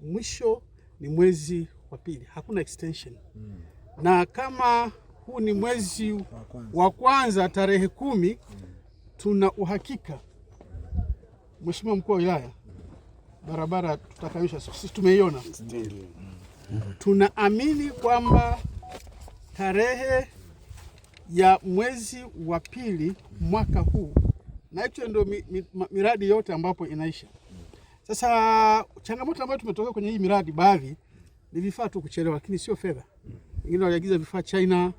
Mwisho ni mwezi wa pili, hakuna extension mm. Na kama huu ni mwezi wa kwanza tarehe kumi mm. Tuna uhakika Mheshimiwa mkuu wa wilaya, barabara tutakamisha, sisi tumeiona mm. Tunaamini kwamba tarehe ya mwezi wa pili mwaka huu na hicho ndio mi, mi, miradi yote ambapo inaisha. Sasa changamoto ambayo tumetoka kwenye hii miradi, baadhi ni vifaa tu kuchelewa, lakini sio fedha. Wengine waliagiza vifaa China,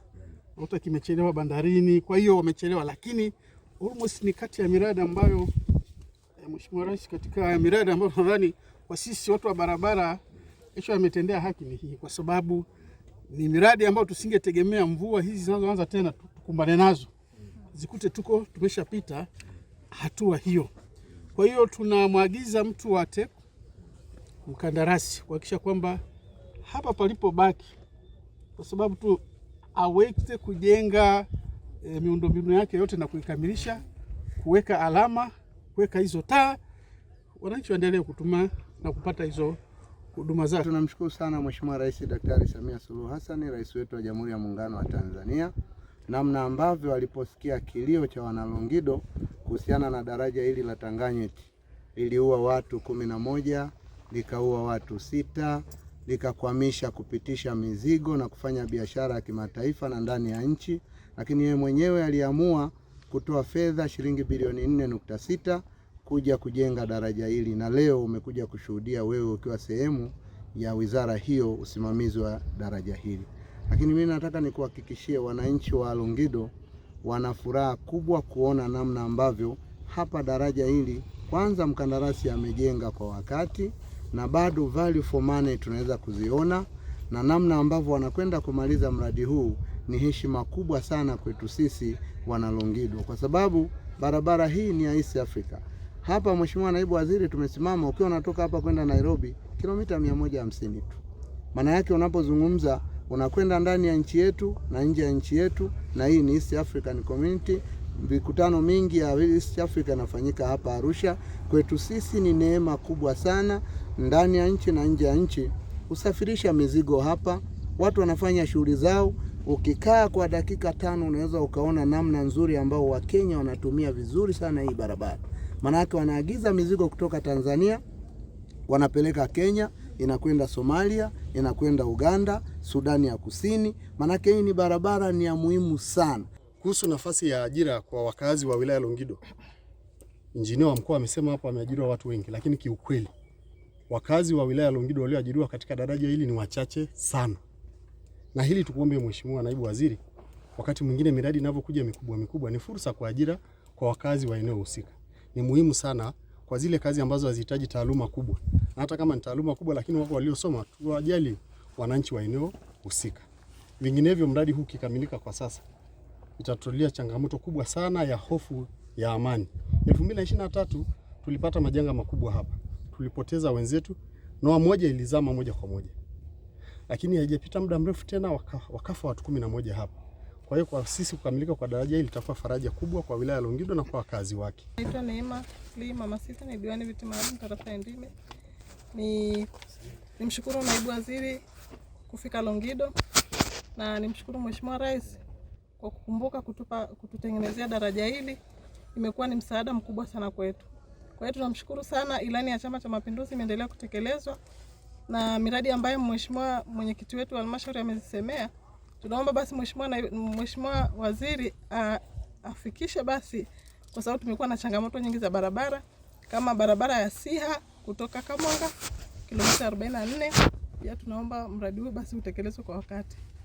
nakuta kimechelewa bandarini, kwa hiyo wamechelewa, lakini almost ni kati ya miradi ambayo eh, Mheshimiwa Rais katika miradi ambayo nadhani kwa sisi watu wa barabara hicho ametendea haki ni hii, kwa sababu ni miradi ambayo tusingetegemea mvua hizi zinazoanza tena tukumbane nazo, zikute tuko tumeshapita hatua hiyo. Kwa hiyo tunamwagiza mtu wa TECU mkandarasi kuhakikisha kwamba hapa palipobaki, kwa sababu tu aweze kujenga e, miundombinu yake yote na kuikamilisha, kuweka alama, kuweka hizo taa, wananchi waendelee kutuma na kupata hizo huduma zake. Tunamshukuru sana Mheshimiwa Rais Daktari Samia Suluhu Hassan, rais wetu wa Jamhuri ya Muungano wa Tanzania namna ambavyo aliposikia kilio cha Wanalongido kuhusiana na daraja hili la Tanganyeti. Liliua watu kumi na moja, likaua watu sita, likakwamisha kupitisha mizigo na kufanya biashara ya kimataifa na ndani ya nchi, lakini yeye mwenyewe aliamua kutoa fedha shilingi bilioni nne nukta sita kuja kujenga daraja hili, na leo umekuja kushuhudia wewe ukiwa sehemu ya wizara hiyo, usimamizi wa daraja hili. Lakini mimi nataka nikuhakikishie wananchi wa Longido wana furaha kubwa kuona namna ambavyo hapa daraja hili kwanza mkandarasi amejenga kwa wakati na bado value for money tunaweza kuziona, na namna ambavyo wanakwenda kumaliza mradi huu ni heshima kubwa sana kwetu sisi Longido, kwa sababu barabara hii ni ya East Africa. Hapa Mheshimiwa Naibu Waziri, tumesimama ukiwa unatoka hapa kwenda Nairobi kilomita 150 tu. Maana yake unapozungumza unakwenda ndani ya nchi yetu na nje ya nchi yetu, na hii ni East African Community. Mikutano mingi ya East Africa inafanyika hapa Arusha. Kwetu sisi ni neema kubwa sana, ndani ya nchi na nje ya nchi, usafirisha mizigo hapa. Watu wanafanya shughuli zao, ukikaa kwa dakika tano unaweza ukaona namna nzuri ambao Wakenya wanatumia vizuri sana hii barabara, maanake wanaagiza mizigo kutoka Tanzania wanapeleka Kenya, inakwenda Somalia, inakwenda Uganda, Sudani ya Kusini. Maanake hii ni barabara ni ya muhimu sana. Kuhusu nafasi ya ajira kwa wakazi wa wilaya Longido, injinia wa mkoa amesema hapo ameajiriwa watu wengi, lakini kiukweli wakazi wa wilaya Longido walioajiriwa katika daraja hili ni wachache sana, na hili tukuombe Mheshimiwa Naibu Waziri, wakati mwingine miradi inavyokuja mikubwa mikubwa ni fursa kwa ajira kwa wakazi wa eneo husika, ni muhimu sana kwa zile kazi ambazo hazihitaji taaluma kubwa, na hata kama ni taaluma kubwa, lakini wako waliosoma, tuwajali wananchi wa eneo husika. Vinginevyo mradi huu kikamilika kwa sasa itatulia changamoto kubwa sana ya hofu ya amani. 2023 tulipata majanga makubwa hapa, tulipoteza wenzetu, noa moja ilizama moja kwa moja, lakini haijapita muda mrefu tena wakafa watu 11 hapa. Kwa hiyo kwa sisi kukamilika kwa daraja hili litakuwa faraja kubwa kwa wilaya ya Longido na kwa wakazi wake. Naitwa Neema Lee Mama Sisa, ni diwani viti maalum tarafa ya Ndime. Ni nimshukuru naibu waziri kufika Longido na nimshukuru Mheshimiwa Rais kwa kukumbuka kutupa, kututengenezea daraja hili. Imekuwa ni msaada mkubwa sana kwetu. Kwa hiyo tunamshukuru sana. Ilani ya Chama cha Mapinduzi imeendelea kutekelezwa na miradi ambayo mheshimiwa mwenyekiti wetu wa halmashauri amezisemea Tunaomba basi mheshimiwa na mheshimiwa waziri a, afikishe basi, kwa sababu tumekuwa na changamoto nyingi za barabara kama barabara ya Siha kutoka Kamwanga kilomita 44. Pia tunaomba mradi huu basi utekelezwe kwa wakati.